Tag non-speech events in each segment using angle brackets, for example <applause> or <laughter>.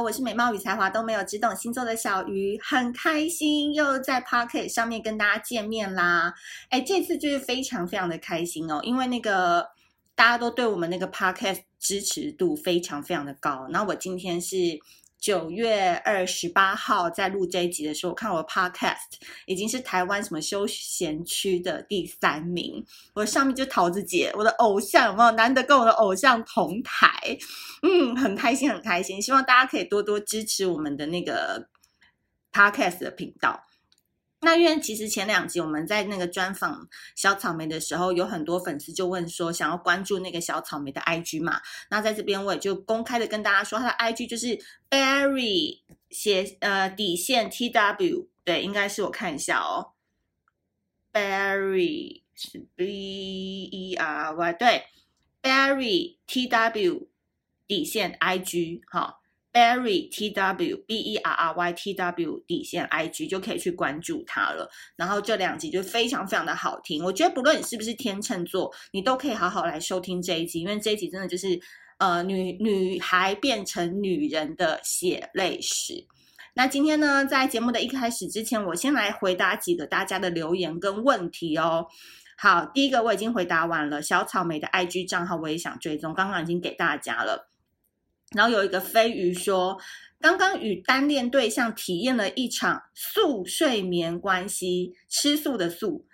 我是美貌與才華都沒有，只懂星座的小魚，很開心又在 podcast 上面跟大家見面啦！哎、欸，這次就是非常非常的開心哦，因為那個大家都對我們那個 podcast 支持度非常非常的高，那我今天是。九月二十八號在錄這一集的時候，我看我的 Podcast 已經是台灣什麼休閒區的第三名。我的上面就陶子姐，我的偶像有沒有？難得跟我的偶像同台，嗯，很開心，很開心。希望大家可以多多支持我們的那個 Podcast 的頻道。那因為其實前兩集我們在那個專訪小草莓的時候，有很多粉絲就問說想要關注那個小草莓的 IG 嘛，那在這邊我也就公開的跟大家說，他的 IG 就是 Berry 寫呃底線 TW 對，應該是我看一下哦，Berry 是 B E R Y 對，Berry T W 底線 IG 齁，Berry T W B E R R Y T W 底線 I G 就可以去關注它了。然後這兩集就非常非常的好聽，我覺得不論你是不是天秤座，你都可以好好來收聽這一集，因為這一集真的就是呃女女孩變成女人的血淚史。那今天呢，在節目的一開始之前，我先來回答幾個大家的留言跟問題哦。好，第一個我已經回答完了，小草莓的 I G 賬號我也想追蹤，剛剛已經給大家了。然後有一個飛魚說，剛剛與單戀對象體驗了一場素睡眠關係，吃素的素。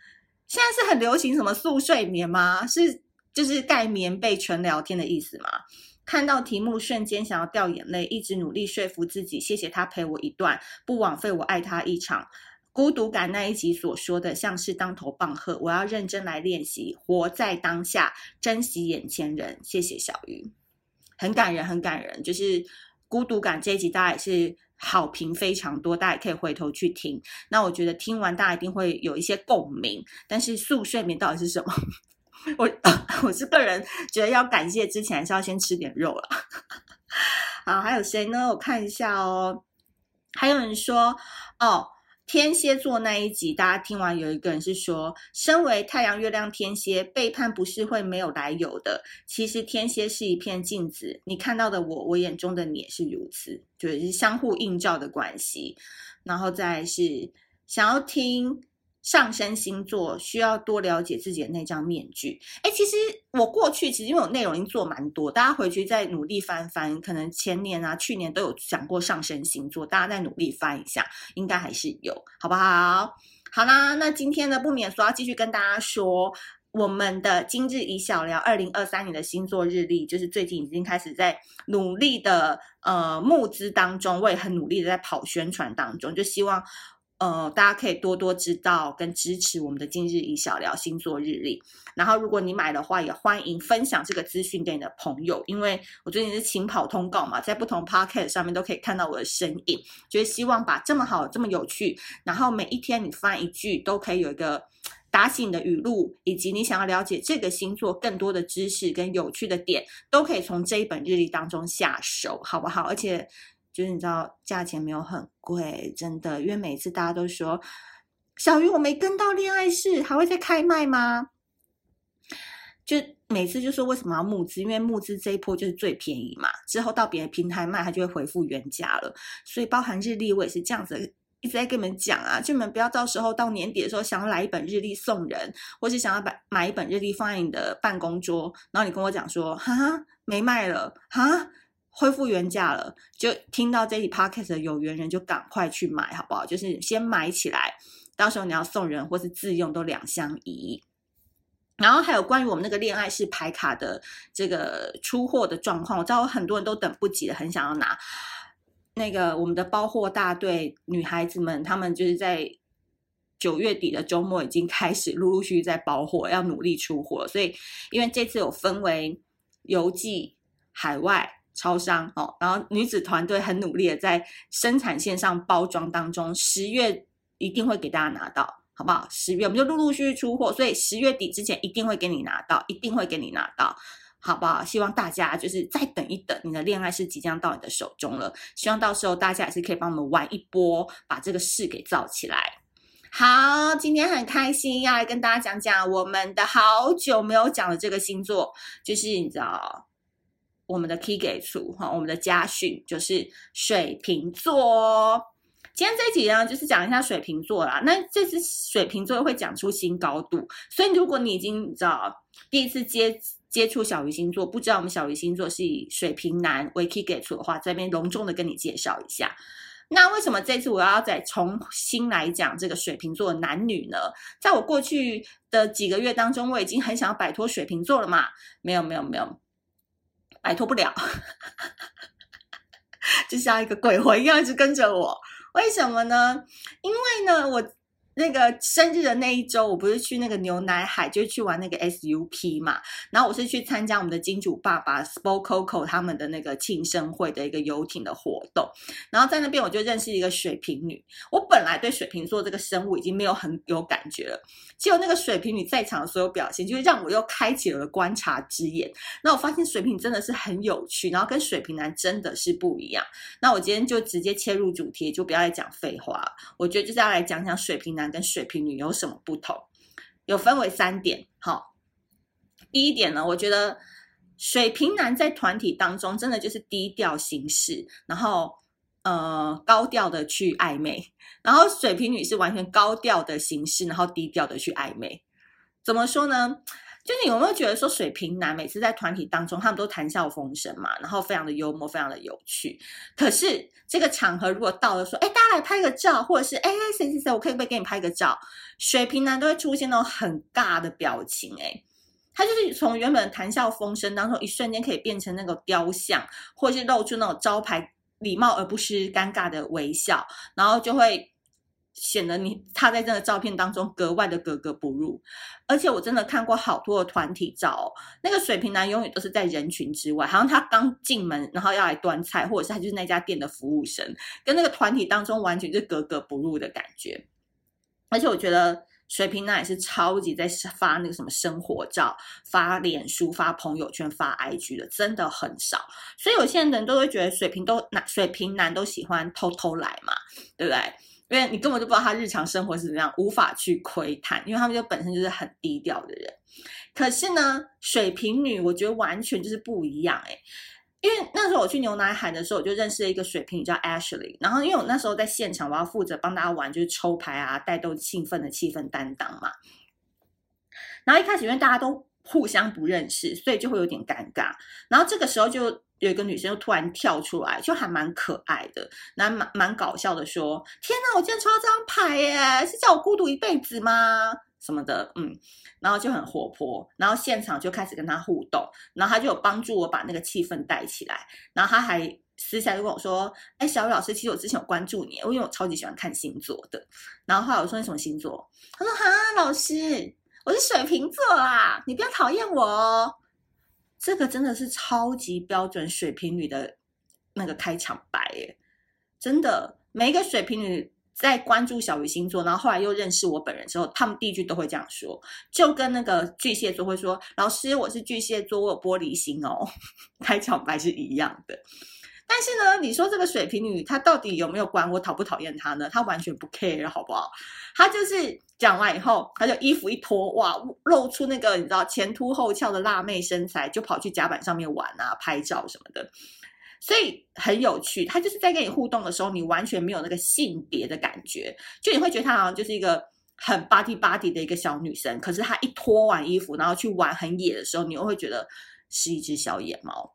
現在是很流行什麼素睡眠嗎？是就是蓋棉被純聊天的意思嗎？看到題目瞬間想要掉眼淚，一直努力說服自己，謝謝他陪我一段，不枉費我愛他一場。孤獨感那一集所說的像是當頭棒喝，我要認真來練習，活在當下，珍惜眼前人。謝謝小魚。很感人，很感人，就是孤獨感這一集，大家也是好評非常多，大家也可以回頭去聽。那我覺得聽完大家一定會有一些共鳴。但是宿睡眠到底是什麼？我我是個人覺得要感謝之前，是要先吃點肉了。好，還有誰呢？我看一下哦，還有人說哦。天蠍座那一集，大家聽完有一個人是說，身為太陽月亮天蠍，背叛不是會沒有來由的。其實天蠍是一片鏡子，你看到的我，我眼中的你也是如此，就是相互映照的關係。然後再來是想要聽。上升星座需要多了解自己的那張面具。哎，其實我過去其實因為我內容已經做蠻多，大家回去再努力翻翻，可能前年啊、去年都有講過上升星座，大家再努力翻一下，應該還是有，好不好？好啦，那今天呢，不免說要繼續跟大家說，我們的今日宜小聊二零二三年的星座日曆，就是最近已經開始在努力的呃募資當中，我也很努力的在跑宣傳當中，就希望。呃，大家可以多多知道跟支持我們的今日宜小聊星座日曆。然後，如果你買的話，也歡迎分享這個資訊給你的朋友，因為我最近是勤跑通告嘛，在不同 podcast 上面都可以看到我的身影。就是希望把這麼好，這麼有趣，然後每一天你翻一句，都可以有一個打醒的語錄，以及你想要了解這個星座更多的知識跟有趣的點，都可以從這一本日曆當中下手，好不好？而且。就是你知道，價錢沒有很貴，真的，因為每次大家都說，小魚我沒跟到戀愛室，還會再開賣嗎？就每次就說為什麼要募資，因為募資這一波就是最便宜嘛，之後到別的平台賣，它就會回復原價了。所以包含日曆，我也是這樣子，一直在跟你們講啊，就你們不要到時候到年底的時候，想要來一本日曆送人，或是想要把買一本日曆放在你的辦公桌，然後你跟我講說，哈，沒賣了，哈。恢復原價了，就聽到這期 podcast 的有緣人就趕快去買，好不好？就是先買起來，到時候你要送人或是自用都兩相宜。然後還有關於我們那個戀愛式牌卡的這個出貨的狀況，我知道有很多人都等不及了，很想要拿。那個我們的包貨大隊女孩子們，她們就是在九月底的周末已經開始陸陸續續在包貨，要努力出貨。所以因為這次有分為郵寄海外。超商哦，然後女子團隊很努力的在生產線上包裝當中，十月一定會給大家拿到，好不好？十月我們就陸陸續續出貨，所以十月底之前一定會給你拿到，一定會給你拿到，好不好？希望大家就是再等一等，你的戀愛是即將到你的手中了。希望到時候大家也是可以幫我們玩一波，把這個事給造起來。好，今天很開心要來跟大家講講我們的好久沒有講的這個星座，就是你知道。我們的 key 給出哈，我們的家訓就是水瓶座。哦，今天這集呢，就是講一下水瓶座啦。那這次水瓶座會講出新高度，所以如果你已經你知道第一次接接觸小魚星座，不知道我們小魚星座是以水瓶男為 key 給出的話，在這邊隆重的跟你介紹一下。那為什麼這次我要再重新來講這個水瓶座的男女呢？在我過去的幾個月當中，我已經很想要擺脫水瓶座了嘛？沒有，沒有，沒有。擺脫不了， <laughs> 就像一個鬼魂一樣一直跟着我。為什麼呢？因為呢，我。那個生日的那一周，我不是去那個牛奶海，就是去玩那個 SUP 嘛。然後我是去參加我們的金主爸爸 Spoke Coco 他們的那個慶生會的一個遊艇的活動。然後在那邊我就認識一個水瓶女。我本來對水瓶座這個生物已經沒有很有感覺了，結果那個水瓶女在場的所有表現，就是讓我又開啟了觀察之眼。那我發現水瓶真的是很有趣，然後跟水瓶男真的是不一樣。那我今天就直接切入主題，就不要來講廢話了。我覺得就是要來講講水瓶男。跟水瓶女有什麼不同？有分為三點。好，第一點呢，我覺得水瓶男在團體當中真的就是低調行事，然後呃高調的去曖昧，然後水瓶女是完全高調的行事，然後低調的去曖昧。怎麼說呢？就你有沒有覺得說水瓶男每次在團體當中，他們都談笑風生嘛，然後非常的幽默，非常的有趣。可是這個場合如果到了說，哎、欸，大家來拍個照，或者是哎，誰誰誰，我可以不可以給你拍個照？水瓶男都會出現那種很尬的表情、欸，哎，他就是從原本談笑風生當中，一瞬間可以變成那個雕像，或是露出那種招牌禮貌而不失尷尬的微笑，然後就會。顯得你他在這個照片當中格外的格格不入，而且我真的看過好多的團體照哦，那個水瓶男永遠都是在人群之外，好像他剛進門，然後要來端菜，或者是他就是那家店的服務生，跟那個團體當中完全是格格不入的感覺。而且我覺得水瓶男也是超級在發那個什麼生活照、發臉書、發朋友圈、發 IG 的，真的很少。所以我現在人都會覺得水瓶都水瓶男都喜歡偷偷來嘛，對不對？因為你根本就不知道他日常生活是怎麼樣，無法去窺探，因為他們就本身就是很低調的人。可是呢，水瓶女我覺得完全就是不一樣誒、欸。因為那時候我去牛奶海的時候，我就認識了一個水瓶女叫 Ashley，然後因為我那時候在現場，我要負責幫大家玩，就是抽牌啊，帶動興奮的氣氛擔當嘛。然後一開始因為大家都互相不認識，所以就會有點尷尬。然後這個時候就。有一個女生就突然跳出來，就還蠻可愛的，然後蠻蠻搞笑的，說：“天哪，我今天抽到這張牌耶，是叫我孤獨一輩子嗎？什麼的，嗯，然後就很活潑，然後現場就開始跟他互動，然後他就有幫助我把那個氣氛帶起來，然後他還私下就跟我說：哎、欸，小雨老師，其實我之前有關注你，因為我超級喜歡看星座的，然後後來我說，你什麼星座？他說：哈，老師，我是水瓶座啦，你不要討厭我哦。”這個真的是超級標準水瓶女的那個開場白耶！真的，每一個水瓶女在關注小魚星座，然後後來又認識我本人之後，他們第一句都會這樣說，就跟那個巨蟹座會說：“老師，我是巨蟹座，我有玻璃心哦。”開場白是一樣的。但是呢，你說這個水瓶女她到底有沒有管我討不討厭她呢？她完全不 care，好不好？她就是講完以後，她就衣服一脫，哇，露出那個你知道前凸後翹的辣妹身材，就跑去甲板上面玩啊、拍照什麼的。所以很有趣，她就是在跟你互動的時候，你完全沒有那個性別的感覺，就你會覺得她好像就是一個很 buddy, buddy 的一個小女生。可是她一脫完衣服，然後去玩很野的時候，你又會覺得是一隻小野貓。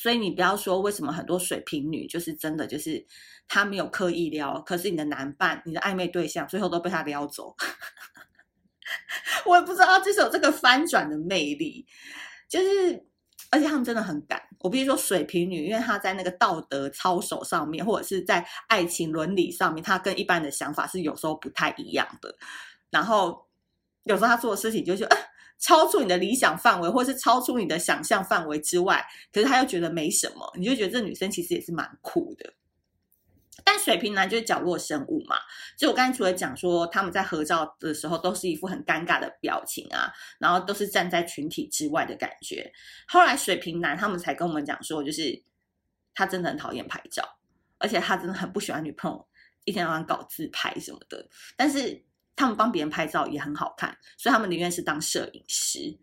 所以你不要說為什麼很多水瓶女就是真的就是她沒有刻意撩，可是你的男伴、你的曖昧對象最後都被她撩走， <laughs> 我也不知道這是有這個翻轉的魅力，就是而且他們真的很敢。我必須說水瓶女，因為她在那個道德操守上面，或者是在愛情倫理上面，她跟一般的想法是有時候不太一樣的。然後有時候她做的事情，就是，呃超出你的理想範圍，或是超出你的想象範圍之外，可是他又覺得沒什麼，你就覺得這女生其實也是蠻酷的。但水瓶男就是角落生物嘛，就我剛才除了講說他們在合照的時候都是一副很尷尬的表情啊，然後都是站在群體之外的感覺。後來水瓶男他們才跟我們講說，就是他真的很討厭拍照，而且他真的很不喜歡女朋友一天到晚搞自拍什麼的，但是。他們幫別人拍照也很好看，所以他們寧願是當攝影師。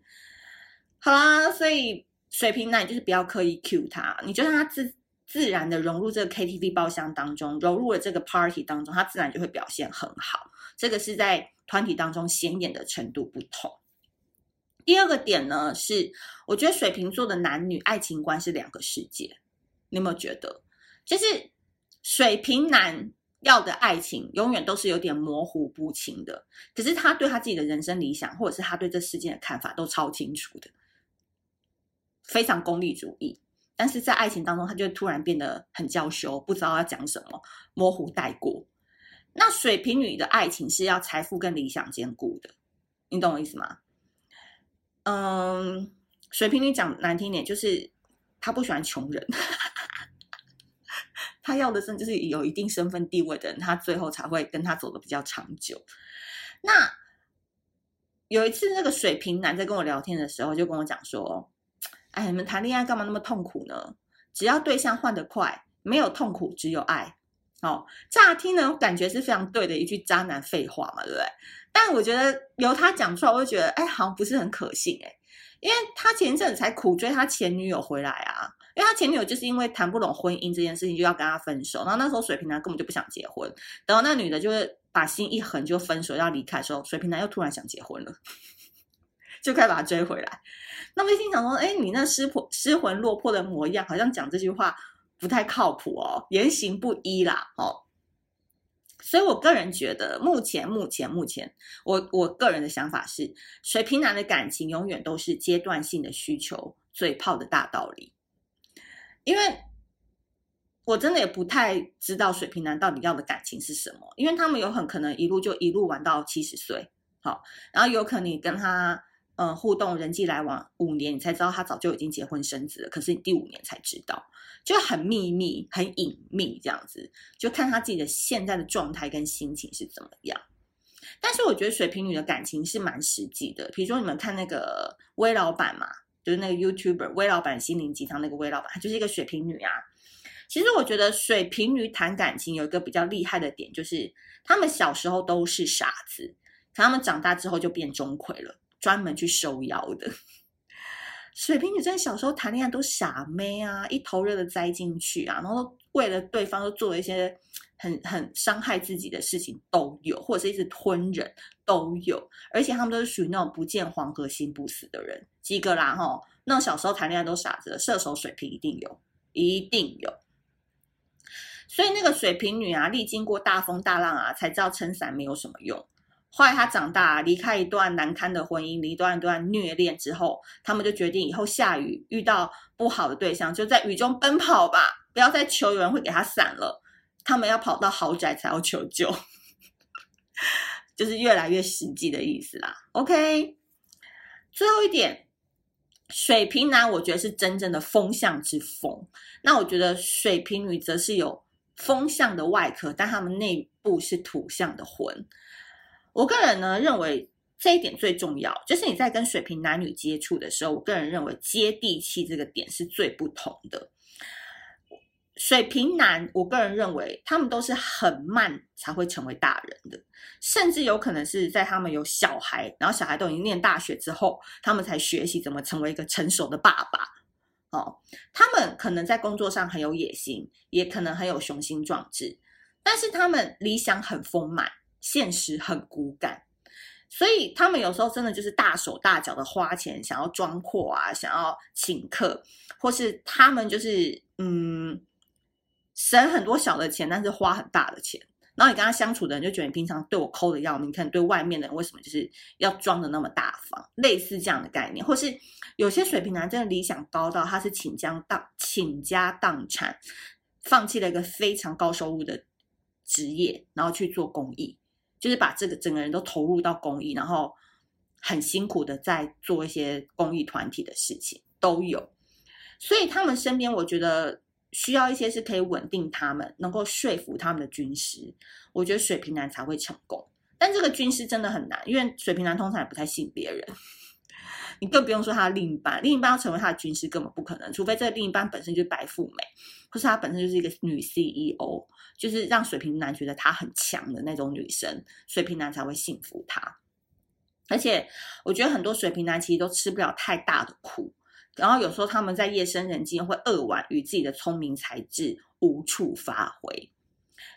好啦，所以水瓶男就是不要刻意 cue 他，你就讓他自自然的融入這個 KTV 包廂當中，融入了這個 party 當中，他自然就會表現很好。這個是在團體當中顯眼的程度不同。第二個點呢，是我覺得水瓶座的男女愛情觀是兩個世界，你有沒有覺得？就是水瓶男。要的愛情永遠都是有點模糊不清的，可是他對他自己的人生理想，或者是他對這世界的看法，都超清楚的，非常功利主義。但是在愛情當中，他就突然變得很嬌羞，不知道要講什麼，模糊帶過。那水瓶女的愛情是要財富跟理想兼顧的，你懂我意思嗎？嗯，水瓶女講難聽點，就是他不喜歡窮人。他要的是，就是有一定身份地位的人，他最後才會跟他走的比較長久。那有一次，那個水瓶男在跟我聊天的時候，就跟我講說：“哎，你們談戀愛幹嘛那麼痛苦呢？只要對象換得快，沒有痛苦，只有愛。”哦，乍聽呢感覺是非常對的一句渣男廢話嘛，對不對？但我覺得由他講出來，我就覺得哎，好像不是很可信哎、欸，因為他前一陣子才苦追他前女友回來啊。因為他前女友就是因為談不攏婚姻這件事情就要跟他分手，然後那時候水瓶男根本就不想結婚，然後那女的就是把心一橫就分手要離開的時候，水瓶男又突然想結婚了， <laughs> 就快把他追回來。那我心想說：，哎、欸，你那失破失魂落魄的模樣，好像講這句話不太靠譜哦，言行不一啦，哦。所以我個人覺得目，目前目前目前，我我個人的想法是，水瓶男的感情永遠都是階段性的需求，嘴炮的大道理。因為我真的也不太知道水瓶男到底要的感情是什麼，因為他們有很可能一路就一路玩到七十歲，好，然後有可能你跟他嗯互動人際來往五年，你才知道他早就已經結婚生子了，可是你第五年才知道，就很秘密，很隱秘這樣子，就看他自己的現在的狀態跟心情是怎麼樣。但是我覺得水瓶女的感情是蠻實際的，比如說你們看那個威老板嘛。就是那個 YouTuber 威老闆心靈雞湯那個威老闆，她就是一個水瓶女啊。其實我覺得水瓶女談感情有一個比較厲害的點，就是他們小時候都是傻子，可他們長大之後就變鍾馗了，專門去收妖的。水瓶女在小時候談戀愛都傻妹啊，一頭熱的栽進去啊，然後為了對方都做了一些。很很傷害自己的事情都有，或者是一直吞人都有，而且他們都是屬於那種不見黃河心不死的人幾個啦哈，那種、個、小時候談戀愛都傻子了，射手、水瓶一定有，一定有。所以那個水瓶女啊，歷經過大風大浪啊，才知道撐傘沒有什麼用。後來她長大、啊，離開一段難堪的婚姻，離一段一段虐戀之後，他們就決定以後下雨遇到不好的對象，就在雨中奔跑吧，不要再求有人會給她傘了。他們要跑到豪宅才要求救， <laughs> 就是越來越實際的意思啦。OK，最後一點，水瓶男、啊、我覺得是真正的風象之風，那我覺得水瓶女則是有風象的外殼，但他們內部是土象的魂。我個人呢認為這一點最重要，就是你在跟水瓶男女接觸的時候，我個人認為接地氣這個點是最不同的。水瓶男，我個人認為他們都是很慢才會成為大人的，甚至有可能是在他們有小孩，然後小孩都已經念大學之後，他們才學習怎麼成為一個成熟的爸爸。哦，他們可能在工作上很有野心，也可能很有雄心壯志，但是他們理想很豐滿，現實很骨感，所以他們有時候真的就是大手大腳的花錢，想要裝闊啊，想要請客，或是他們就是嗯。省很多小的錢，但是花很大的錢。然後你跟他相處的人就覺得，你平常對我摳的要命，你看對外面的人為什麼就是要裝的那麼大方？類似這樣的概念，或是有些水瓶男真的理想高到他是傾家蕩傾家蕩產，放棄了一個非常高收入的職業，然後去做公益，就是把這個整個人都投入到公益，然後很辛苦的在做一些公益團體的事情都有。所以他們身邊，我覺得。需要一些是可以穩定他們、能夠說服他們的軍師，我覺得水瓶男才會成功。但這個軍師真的很難，因為水瓶男通常也不太信別人。 <laughs> 你更不用說他的另一半，另一半要成為他的軍師根本不可能，除非這個另一半本身就是白富美，或是他本身就是一個女 CEO，就是讓水瓶男覺得他很強的那種女生，水瓶男才會信服他。而且，我覺得很多水瓶男其實都吃不了太大的苦。然後有時候他們在夜深人靜會扼腕，與自己的聰明才智無處發揮。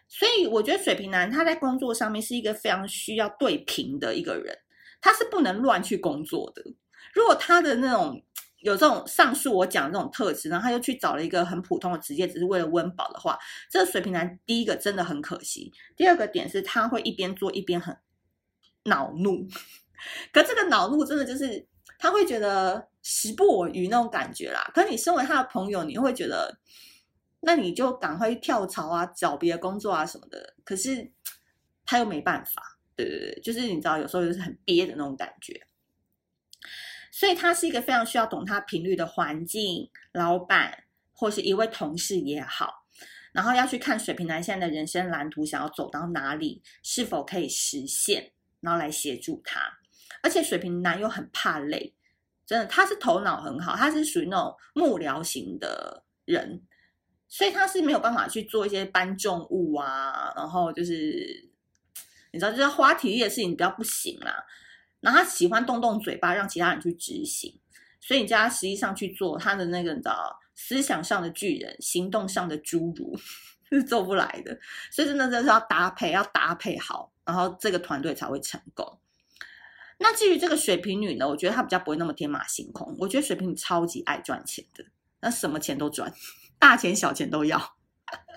所以我覺得水瓶男他在工作上面是一個非常需要對平的一個人，他是不能亂去工作的。如果他的那種有這種上述我講的這種特質，然後他又去找了一個很普通的職業，只是為了溫飽的話，這個水瓶男第一個真的很可惜。第二個點是他會一邊做一邊很惱怒，可這個惱怒真的就是他會覺得。時不我與那種感覺啦，可是你身為他的朋友，你會覺得，那你就趕快去跳槽啊，找別的工作啊什麼的。可是他又沒辦法，對對對，就是你知道，有時候就是很憋的那種感覺。所以他是一個非常需要懂他頻率的環境，老闆或是一位同事也好，然後要去看水瓶男現在的人生藍圖，想要走到哪裡，是否可以實現，然後來協助他。而且水瓶男又很怕累。真的，他是頭腦很好，他是屬於那種幕僚型的人，所以他是沒有辦法去做一些搬重物啊，然後就是，你知道，就是花體力的事情你比較不行啦、啊。然後他喜歡動動嘴巴，讓其他人去執行，所以你叫他實際上去做他的那個，你知道，思想上的巨人，行動上的侏儒是做不來的。所以真的就是要搭配，要搭配好，然後這個團隊才會成功。那至於這個水瓶女呢，我覺得她比較不會那麼天馬行空。我覺得水瓶女超級愛賺錢的，那什麼錢都賺，大錢小錢都要。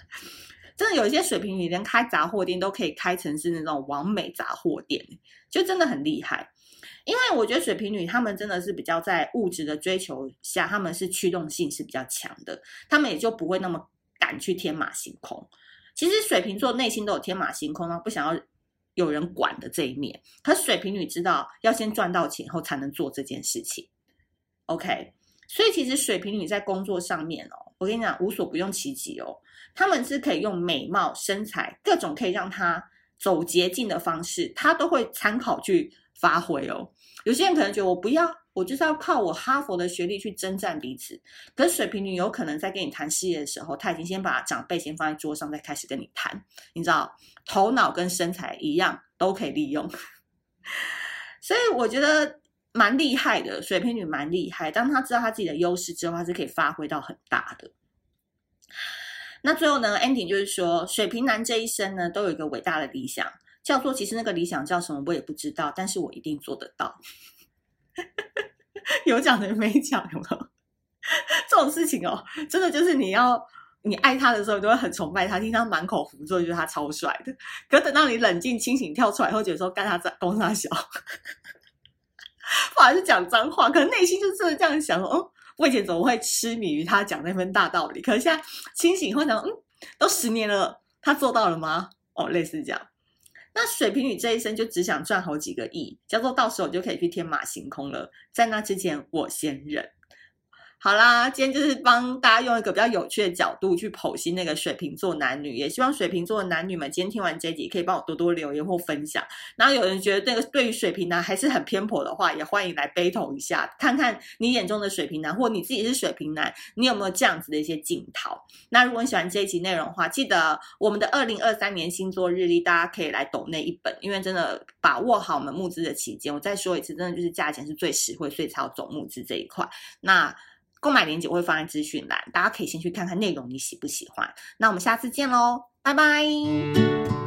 <laughs> 真的有一些水瓶女連開雜貨店都可以開成是那種完美雜貨店，就真的很厲害。因為我覺得水瓶女他們真的是比較在物質的追求下，他們是驅動性是比較強的，他們也就不會那麼敢去天馬行空。其實水瓶座內心都有天馬行空啊，不想要，有人管的這一面，可是水瓶女知道要先賺到錢後才能做這件事情。OK，所以其實水瓶女在工作上面哦，我跟你講無所不用其極哦，他們是可以用美貌、身材各種可以讓他走捷徑的方式，他都會參考去發揮哦。有些人可能覺得我不要，我就是要靠我哈佛的學歷去征戰彼此。可水瓶女有可能在跟你談事業的時候，她已經先把長輩先放在桌上，再開始跟你談。你知道，頭腦跟身材一樣都可以利用。 <laughs> 所以我覺得蠻厲害的，水瓶女蠻厲害。當她知道她自己的優勢之後，她是可以發揮到很大的。那最後呢，Andy 就是說，水瓶男這一生呢，都有一個偉大的理想，叫做其實那個理想叫什麼我也不知道，但是我一定做得到。 <laughs> 有講的沒講？有沒有這種事情哦？真的就是你要你愛他的時候，你都會很崇拜他，聽他滿口胡說，就是覺得他超帥的。可等到你冷靜清醒跳出來或者覺得說幹他講三小，不好意思講髒話，可是內心就真的這樣想說：嗯，我以前怎麼會痴迷於他講那份大道理？可是現在清醒以後想說：嗯，都十年了，他做到了嗎？哦，類似這樣。那水瓶女這一生就只想賺好幾個億，叫做到時候就可以去天馬行空了。在那之前，我先忍。好啦，今天就是幫大家用一個比較有趣的角度去剖析那個水瓶座男女，也希望水瓶座的男女們今天聽完這一集，可以幫我多多留言或分享。然後有人覺得這個對於水瓶男還是很偏頗的話，也歡迎來 battle 一下，看看你眼中的水瓶男，或你自己是水瓶男，你有沒有這樣子的一些鏡頭？那如果你喜歡這一集內容的話，記得我們的二零二三年星座日曆，大家可以來懂那一本，因為真的把握好我們募資的期間，我再說一次，真的就是價錢是最實惠，所以才要走募資這一塊。那。購買鏈接我會放在資訊欄，大家可以先去看看內容，你喜不喜歡？那我們下次見嘍，拜拜。